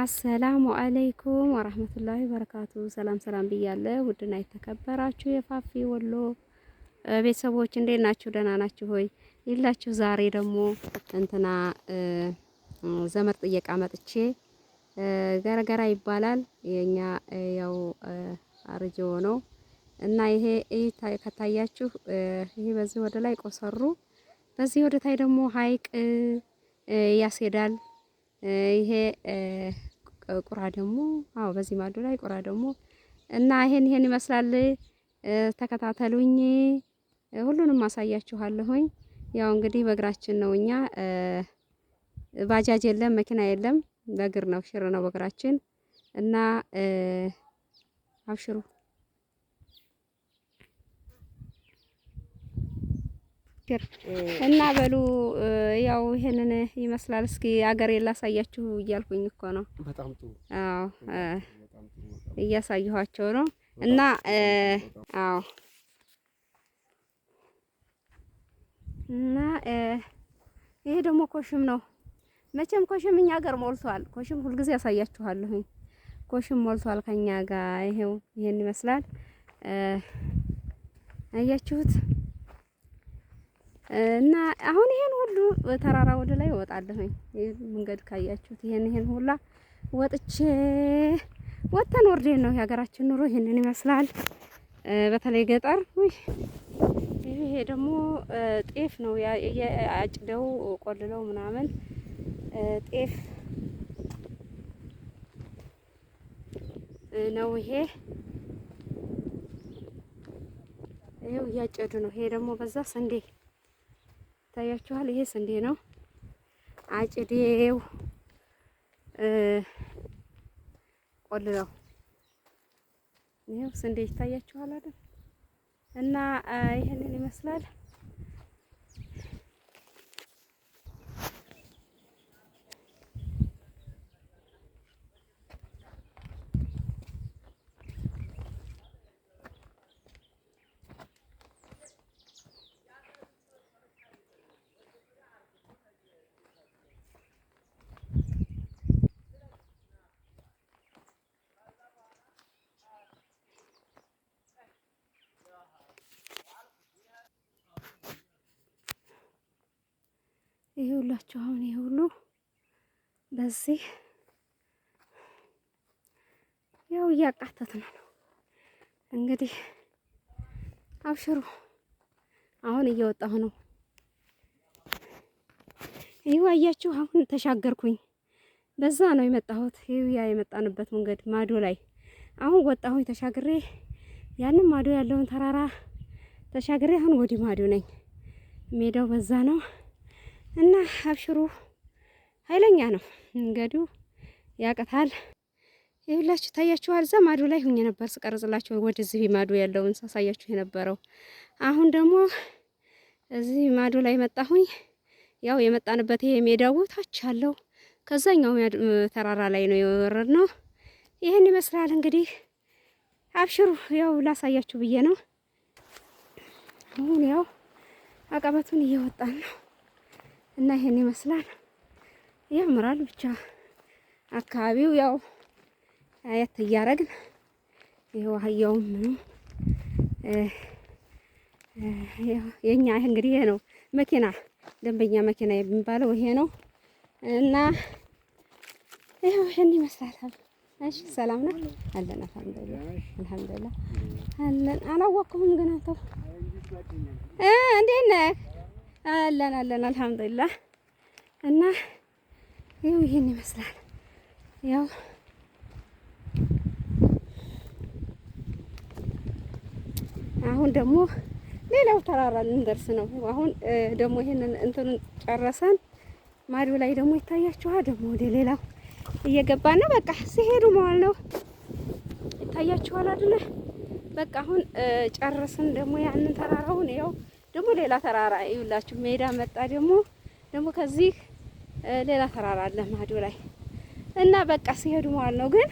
አሰላሙ አለይኩም ወራህመቱላሂ ወበረካቱ። ሰላም ሰላም ብያለሁ። ውድና የተከበራችሁ የፋፊ ወሎ ቤተሰቦች እንዴት ናችሁ? ደህና ናችሁ ሆይ? ይላችሁ ዛሬ ደግሞ እንትና ዘመድ ጥየቃ መጥቼ ገረገራ ይባላል የኛ ያው አርጆ ነው እና ይሄ ከታያችሁ ይሄ በዚህ ወደ ላይ ቆሰሩ፣ በዚህ ወደ ታይ ደግሞ ሀይቅ ያስሄዳል ይሄ ቁራ ደግሞ አዎ፣ በዚህ ማዶ ላይ ቁራ ደግሞ እና ይሄን ይሄን ይመስላል። ተከታተሉኝ፣ ሁሉንም ማሳያችኋለሁኝ። ያው እንግዲህ በእግራችን ነው እኛ ባጃጅ የለም፣ መኪና የለም፣ በእግር ነው ሽር ነው በእግራችን እና አብሽሩ እና በሉ ያው ይሄንን ይመስላል። እስኪ አገሬ ላሳያችሁ እያልኩኝ እኮ ነው። በጣም ጥሩ። አዎ እያሳየኋቸው ነው እና አዎ እና ይሄ ደግሞ ኮሽም ነው። መቼም ኮሽም እኛ ሀገር ሞልቷል። ኮሽም ሁልጊዜ ያሳያችኋለሁ። ኮሽም ሞልቷል ከኛ ጋር። ይሄው ይሄን ይመስላል። አያችሁት? እና አሁን ይሄን ሁሉ ተራራ ወደ ላይ እወጣለሁኝ። መንገድ ካያችሁት ይሄን ይሄን ሁላ ወጥቼ ወጥተን ወርዴ ነው። የሀገራችን ኑሮ ይሄንን ይመስላል። በተለይ ገጠር ይሄ ደግሞ ጤፍ ነው አጭደው ቆልለው ምናምን ጤፍ ነው ይሄ ይሄው እያጨዱ ነው። ይሄ ደግሞ በዛ ስንዴ ይታያችኋል። ይሄ ስንዴ ነው። አጭዴው ቆልለው ይሄው ስንዴ ይታያችኋል አይደል? እና ይሄንን ይመስላል። ይሄውላችሁ አሁን ይሄ ሁሉ በዚህ ያው እያቃተት ነው እንግዲህ አብሽሩ። አሁን እየወጣሁ ነው። ይሁ አያችሁ፣ አሁን ተሻገርኩኝ። በዛ ነው የመጣሁት። ይሁ ያ የመጣንበት መንገድ ማዶ ላይ አሁን ወጣሁኝ ተሻግሬ፣ ያንን ማዶ ያለውን ተራራ ተሻግሬ አሁን ወዲህ ማዶ ነኝ። ሜዳው በዛ ነው። እና አብሽሩ ኃይለኛ ነው መንገዱ ያቀታል ይኸውላችሁ ታያችኋል። እዛ ማዶ ላይ ሁኜ ነበር ስቀርጽላችሁ ወደዚህ ማዶ ያለውን ሳሳያችሁ የነበረው። አሁን ደግሞ እዚህ ማዶ ላይ መጣሁኝ። ያው የመጣንበት ይሄ ሜዳው ታች አለው። ከዛኛው ተራራ ላይ ነው የወረድነው። ይህን ይመስላል እንግዲህ አብሽሩ። ያው ላሳያችሁ ብዬ ነው። አሁን ያው አቀበቱን እየወጣን ነው። እና ይሄን ይመስላል። ያምራል። ብቻ አካባቢው ያው አየት እያረግን ይኸው አህያውም ምንም የኛ እንግዲህ ይሄ ነው መኪና ደንበኛ መኪና የሚባለው ይሄ ነው እና ይሄው ይሄን ይመስላል። እሺ ሰላም ነው አለን። አልሐምዱሊላህ አልሐምዱሊላህ አለን። አላወቅኩም ግን አንተው እ እንዴት ነህ? አለን አለን አልሐምዱሊላህ። እና ይኸው ይህን ይመስላል። ያው አሁን ደግሞ ሌላው ተራራ ልንደርስ ነው። አሁን ደግሞ ይሄንን እንትኑን ጨረሰን ማዶ ላይ ደግሞ ይታያችኋል። ደግሞ ወደ ሌላው እየገባን ነው። በቃ ሲሄዱ መዋል ነው ይታያችኋል አይደለ? በቃ አሁን ጨረስን ደግሞ ያንን ተራራውን ያው ደግሞ ሌላ ተራራ ይውላችሁ፣ ሜዳ መጣ። ደግሞ ደግሞ ከዚህ ሌላ ተራራ አለ ማዶ ላይ እና በቃ ሲሄዱ ማለት ነው። ግን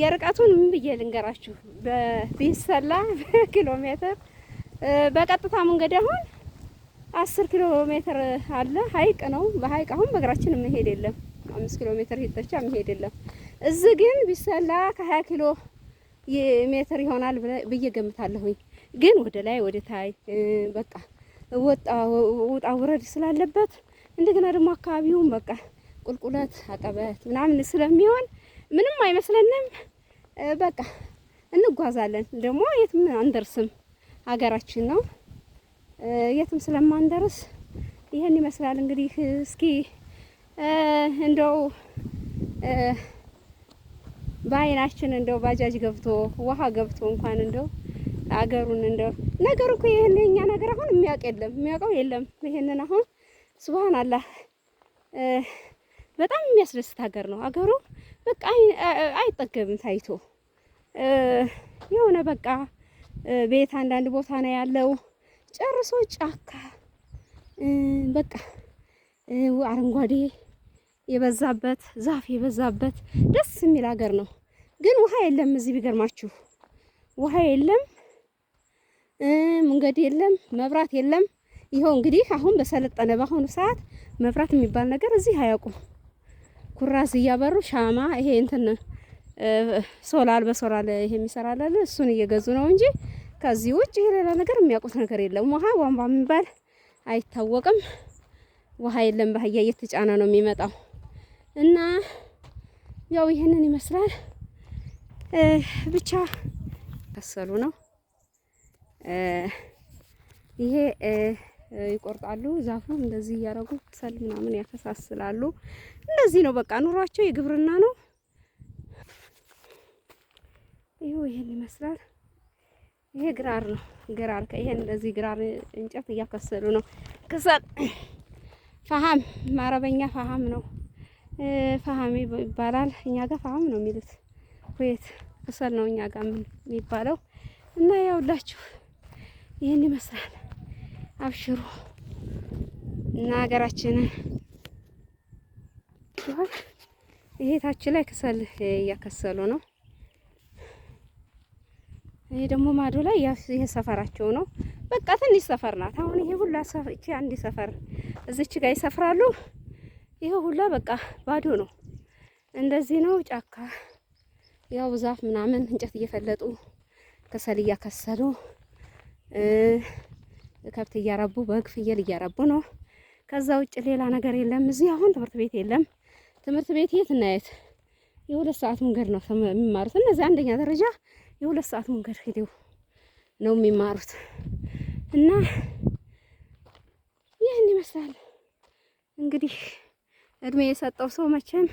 የርቀቱን ምን ብዬ ልንገራችሁ፣ በቢሰላ ኪሎ ሜትር በቀጥታ መንገድ አሁን አስር ኪሎ ሜትር አለ ሀይቅ ነው። በሀይቅ አሁን በእግራችን መሄድ የለም አምስት ኪሎ ሜትር ሂድ መሄድ የለም። እዚህ ግን ቢሰላ ከሀያ ኪሎ ሜትር ይሆናል ብዬ ገምታለሁኝ። ግን ወደ ላይ ወደ ታይ በቃ ወጣ ውጣ ውረድ ስላለበት እንደገና ደግሞ አካባቢውን በቃ ቁልቁለት አቀበት ምናምን ስለሚሆን ምንም አይመስለንም። በቃ እንጓዛለን። ደግሞ የትም አንደርስም፣ ሀገራችን ነው። የትም ስለማንደርስ ይህን ይመስላል እንግዲህ። እስኪ እንደው በአይናችን እንደው ባጃጅ ገብቶ ውሃ ገብቶ እንኳን እንደው አገሩን እንደው ነገር እኮ ይሄን የኛ ነገር አሁን የሚያውቅ የለም የሚያውቀው የለም። ይሄንን አሁን ሱብሃን አላህ በጣም የሚያስደስት ሀገር ነው። አገሩ በቃ አይጠገብም ታይቶ የሆነ በቃ ቤት አንዳንድ ቦታ ነው ያለው ጨርሶ ጫካ በቃ አረንጓዴ የበዛበት ዛፍ የበዛበት ደስ የሚል ሀገር ነው። ግን ውሃ የለም። እዚህ ቢገርማችሁ ውሃ የለም። መንገድ የለም፣ መብራት የለም። ይኸው እንግዲህ አሁን በሰለጠነ በአሁኑ ሰዓት መብራት የሚባል ነገር እዚህ አያውቁም። ኩራዝ እያበሩ ሻማ ይሄ እንትን ሶላል በሶላል ይሄ የሚሰራላል እሱን እየገዙ ነው እንጂ ከዚህ ውጭ ይሄ ነገር የሚያውቁት ነገር የለም። ውሃ ቧንቧ የሚባል አይታወቅም። ውሃ የለም። ባህያ እየተጫነ ነው የሚመጣው እና ያው ይህንን ይመስላል ብቻ ከሰሉ ነው ይሄ ይቆርጣሉ፣ ዛፉ እንደዚህ እያደረጉ ሰል ምናምን ያከሳስላሉ። እንደዚህ ነው በቃ ኑሯቸው የግብርና ነው። ይኸው ይሄን ይመስላል። ይሄ ግራር ነው። ግራር ይሄን እንደዚህ ግራር እንጨት እያከሰሉ ነው። ክሰል ፈሀም ማረበኛ ፈሀም ነው ፈሀም ይባላል። እኛ ጋር ፈሀም ነው የሚሉት። ኩዌት ክሰል ነው እኛ ጋር የሚባለው እና ያውላችሁ ይህን ይመስላል። አብሽሩ እና ሀገራችንን ይሆን ይሄ ታች ላይ ከሰል እያከሰሉ ነው። ይሄ ደግሞ ማዶ ላይ ይሄ ሰፈራቸው ነው። በቃ ትንሽ ሰፈር ናት። አሁን ይሄ ሁላ እቺ አንድ ሰፈር እዚች ጋር ይሰፍራሉ። ይሄ ሁላ በቃ ባዶ ነው። እንደዚህ ነው ጫካ፣ ያው ዛፍ ምናምን እንጨት እየፈለጡ ከሰል እያከሰሉ ከብት እያረቡ በግ ፍየል እያረቡ ነው። ከዛ ውጭ ሌላ ነገር የለም። እዚህ አሁን ትምህርት ቤት የለም። ትምህርት ቤት የት እናየት? የሁለት ሰዓት መንገድ ነው የሚማሩት እነዚህ አንደኛ ደረጃ የሁለት ሰዓት መንገድ ሄደው ነው የሚማሩት እና ይህን ይመስላል እንግዲህ እድሜ የሰጠው ሰው መቼም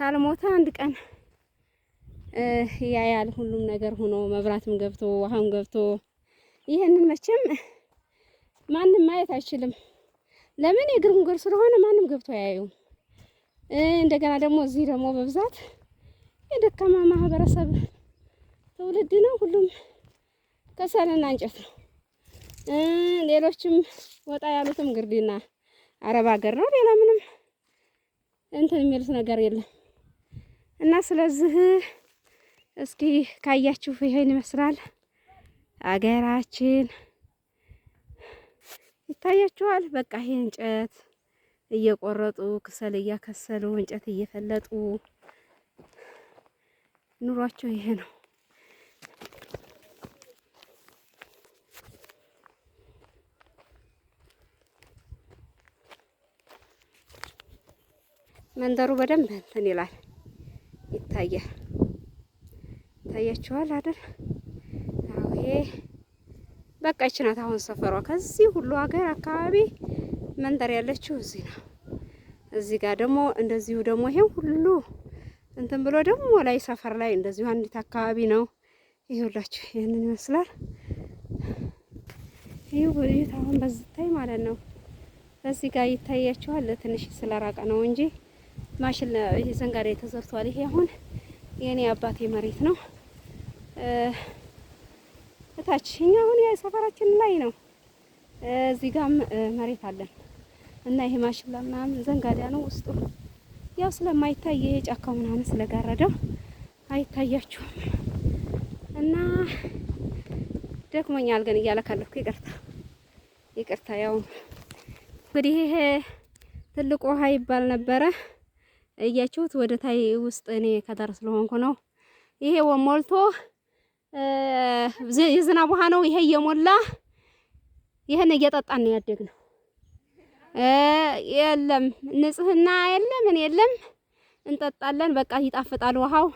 ካልሞተ አንድ ቀን ያያል። ሁሉም ነገር ሆኖ መብራትም ገብቶ ውሃም ገብቶ ይህንን መቼም ማንም ማየት አይችልም። ለምን የእግር ጉንጉር ስለሆነ ማንም ገብቶ አያዩም። እንደገና ደግሞ እዚህ ደግሞ በብዛት የደካማ ማህበረሰብ ትውልድ ነው። ሁሉም ከሰልና እንጨት ነው። ሌሎችም ወጣ ያሉትም ግርድና አረብ ሀገር ነው። ሌላ ምንም እንትን የሚሉት ነገር የለም እና ስለዚህ እስኪ ካያችሁ ይሄን ይመስላል። አገራችን ይታያችኋል። በቃ ይሄ እንጨት እየቆረጡ ክሰል እያከሰሉ እንጨት እየፈለጡ ኑሯቸው ይሄ ነው። መንደሩ በደንብ እንትን ይላል ይታያል። ይታያችኋል አይደል? ይሄ በቃ ናት አሁን ሰፈሯ። ከዚህ ሁሉ ሀገር አካባቢ መንደር ያለችው እዚህ ነው። እዚህ ጋር ደግሞ እንደዚሁ ደግሞ ይሄ ሁሉ እንትን ብሎ ደግሞ ላይ ሰፈር ላይ እንደዚሁ አንዲት አካባቢ ነው። ሁላችሁ ይህንን ይመስላል። ይህ ውይይት አሁን በዝታይ ማለት ነው። በዚህ ጋር ይታያችኋል። ትንሽ ስለራቀ ነው እንጂ ማሽን ይሄ ዘንጋዳ ተዘርቷል። ይሄ አሁን የኔ አባቴ መሬት ነው። እታች እኛ አሁን የሰፈራችን ላይ ነው። እዚህ ጋም መሬት አለን እና ይሄ ማሽላ ምናምን ዘንጋዳ ነው ውስጡ ያው ስለማይታይ ይሄ ጫካው ምናምን ስለጋረደው አይታያችሁም። እና ደክሞኛል ግን እያለካለፍኩ ይቅርታ ይቅርታ። ያው እንግዲህ ይሄ ትልቁ ውሃ ይባል ነበረ። እያችሁት ወደ ታይ ውስጥ እኔ ከዳር ስለሆንኩ ነው ይሄ ሞልቶ የዝናብ ውሃ ነው ይሄ እየሞላ ይህን እየጠጣን ነው ያደግነው። የለም ንጽህና የለም እኔ የለም እንጠጣለን። በቃ ይጣፍጣል ውሃው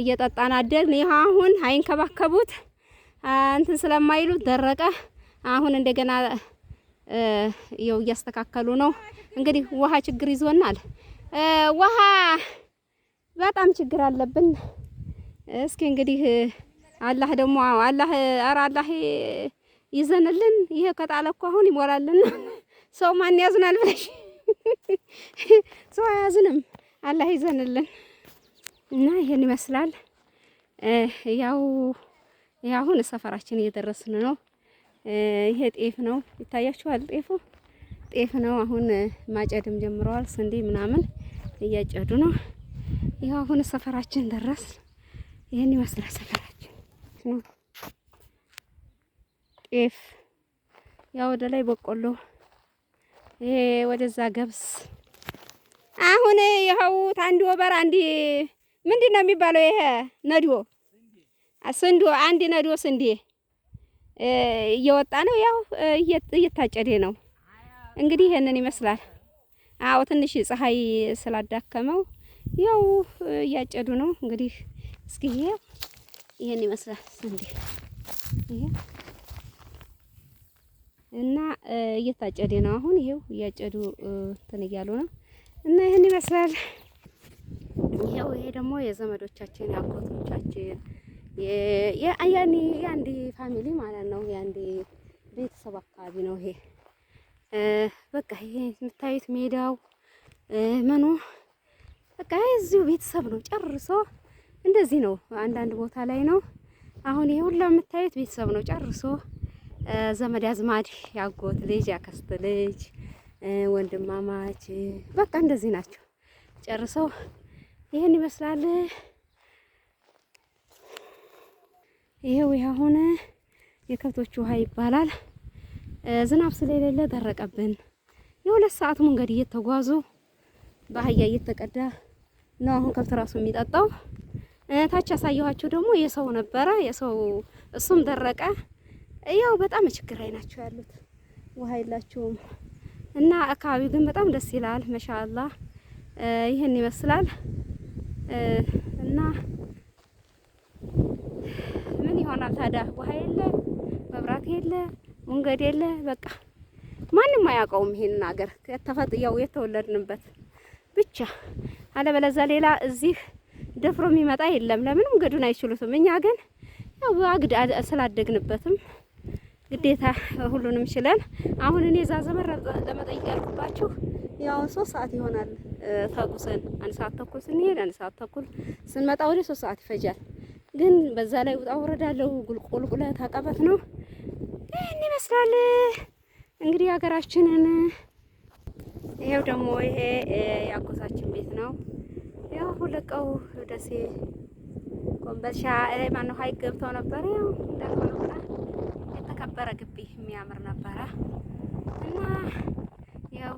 እየጠጣን አደግን። ይህ አሁን አይንከባከቡት እንትን ስለማይሉት ደረቀ። አሁን እንደገና ያው እያስተካከሉ ነው። እንግዲህ ውሃ ችግር ይዞናል። ውሃ በጣም ችግር አለብን። እስኪ እንግዲህ አላህ ደግሞ አላህ ኧረ አላህ ይዘንልን። ይሄ ከጣለ እኮ አሁን ይሞላልን። ሰው ማን ያዝናል ብለሽ ሰው አያዝንም። አላህ ይዘንልን እና ይሄን ይመስላል። ያው አሁን ሰፈራችን እየደረስን ነው። ይሄ ጤፍ ነው ይታያችኋል። ጤፉ ጤፍ ነው። አሁን ማጨድም ጀምረዋል። ስንዴ ምናምን እያጨዱ ነው። ይሄ አሁን ሰፈራችን ደረስ። ይሄን ይመስላል ሰፈራ ማለት ነው። ጤፍ ያ ወደ ላይ በቆሎ፣ ይሄ ወደዛ ገብስ። አሁን ይኸውት አንድ ወበር አንድ ምንድን ነው የሚባለው? ይሄ ነዶ ስንዴ፣ አንድ ነዶ ስንዴ እየወጣ ነው። ያው እየታጨደ ነው እንግዲህ ይሄንን ይመስላል። አዎ ትንሽ ፀሐይ ስላዳከመው ያው እያጨዱ ነው እንግዲህ እስኪ ይሄን ይመስላል ስንዴ ይሄ እና እየታጨደ ነው አሁን። ይሄው እያጨዱ እንትን እያሉ ነው እና ይሄን ይመስላል። ይሄው ይሄ ደግሞ የዘመዶቻችን የአጎቶቻችን ያኔ የአንድ ፋሚሊ ማለት ነው የአንድ ቤተሰብ አካባቢ ነው ይሄ። በቃ ይሄ የምታዩት ሜዳው ምኑ በቃ እዚሁ ቤተሰብ ነው ጨርሶ እንደዚህ ነው። አንዳንድ ቦታ ላይ ነው። አሁን ይሄ ሁላ የምታዩት ቤተሰብ ነው ጨርሶ ዘመድ አዝማድ፣ ያጎት ልጅ፣ ያከስት ልጅ፣ ወንድማማች በቃ እንደዚህ ናቸው ጨርሰው ይህን ይመስላል። ይሄው ይሄ አሁን የከብቶች ውሃ ይባላል። ዝናብ ስለሌለ ደረቀብን። የሁለት ሰዓት መንገድ እየተጓዙ በአህያ እየተቀዳ ነው አሁን ከብት ራሱ የሚጠጣው። ታች ያሳየኋቸው ደግሞ የሰው ነበረ። የሰው እሱም ደረቀ። ያው በጣም ችግር ላይ ናቸው ያሉት፣ ውሃ የላቸውም እና አካባቢው ግን በጣም ደስ ይላል። መሻላ ይህን ይመስላል እና ምን ይሆናል ታዲያ ውሃ የለ፣ መብራት የለ፣ መንገድ የለ። በቃ ማንም አያውቀውም ይሄንን ሀገር የተፈጥያው የተወለድንበት ብቻ አለበለዛ ሌላ እዚህ ደፍሮ የሚመጣ የለም። ለምንም ገዱን አይችሉትም። እኛ ግን ያው አግድ ስላደግንበትም ግዴታ ሁሉንም ችለን አሁን እኔ እዛ ዘመን ለመጠየቅ ያልኩባችሁ ያው ሶስት ሰዓት ይሆናል ተጉዘን አንድ ሰዓት ተኩል ስንሄድ አንድ ሰዓት ተኩል ስንመጣ ወደ ሶስት ሰዓት ይፈጃል። ግን በዛ ላይ ውጣ ወረዳለው ጉልቁልቁለት አቀበት ነው ይህን ይመስላል እንግዲህ ሀገራችንን። ይሄው ደግሞ ይሄ ያጎታችን ቤት ነው። ያው ሁለቀው ደሴ ጎንበሻ ማነው ሀይቅ ገብተው ነበረ። ያው እንዳልሆነ የተከበረ ግቢ የሚያምር ነበረ እና ያው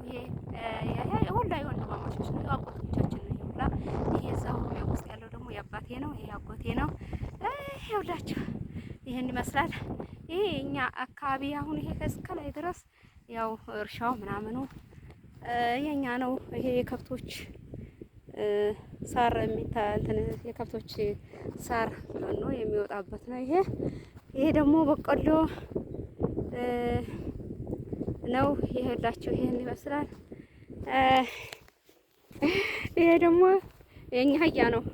ሁላ የወንድማማቾች አጎቶቻችን ነው ሁላ። ይሄ እዛው ውስጥ ያለው ደግሞ የአባቴ ነው፣ ይሄ አጎቴ ነው። ይኸውላችሁ ይህን ይመስላል። ይሄ እኛ አካባቢ አሁን ይሄ ከእስከ ላይ ድረስ ያው እርሻው ምናምኑ የኛ ነው። ይሄ የከብቶች ሳር የሚታ እንትን የከብቶች ሳር ነው የሚወጣበት ነው። ይሄ ይሄ ደግሞ በቆሎ ነው። ይሄላችሁ ይሄን ይመስላል። ይሄ ደግሞ የኛ አህያ ነው።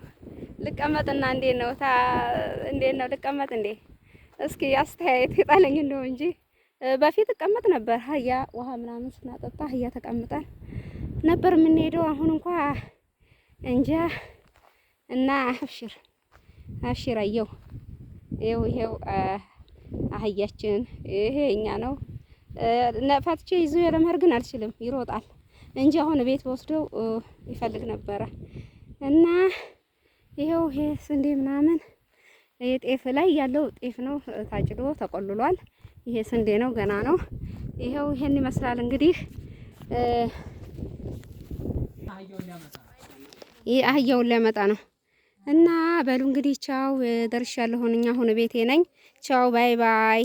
ልቀመጥና እንዴት ነው ታ እንዴት ነው ልቀመጥ እንዴ? እስኪ አስተያየት የጣለኝ እንደው እንጂ በፊት እቀመጥ ነበር። አህያ ውሃ ምናምን ስናጠጣ አህያ ተቀምጠን ነበር የምንሄደው። አሁን እንኳን እንጃ እና አብሽር አብሽር አየው ይኸው ይኸው አህያችን ይሄ እኛ ነው። ነፋትቼ ይዞ ለመሄድ ግን አልችልም፣ ይሮጣል እንጂ አሁን ቤት ወስደው ይፈልግ ነበረ እና ይኸው ይሄ ስንዴ ምናምን የጤፍ ላይ ያለው ጤፍ ነው። ታጭዶ ተቆልሏል። ይሄ ስንዴ ነው፣ ገና ነው። ይኸው ይሄን ይመስላል እንግዲህ አህያውን ለመጣ ነው። እና በሉ እንግዲህ ቻው፣ ደርሻለሁ። አሁን ቤቴ ነኝ። ቻው፣ ባይ ባይ።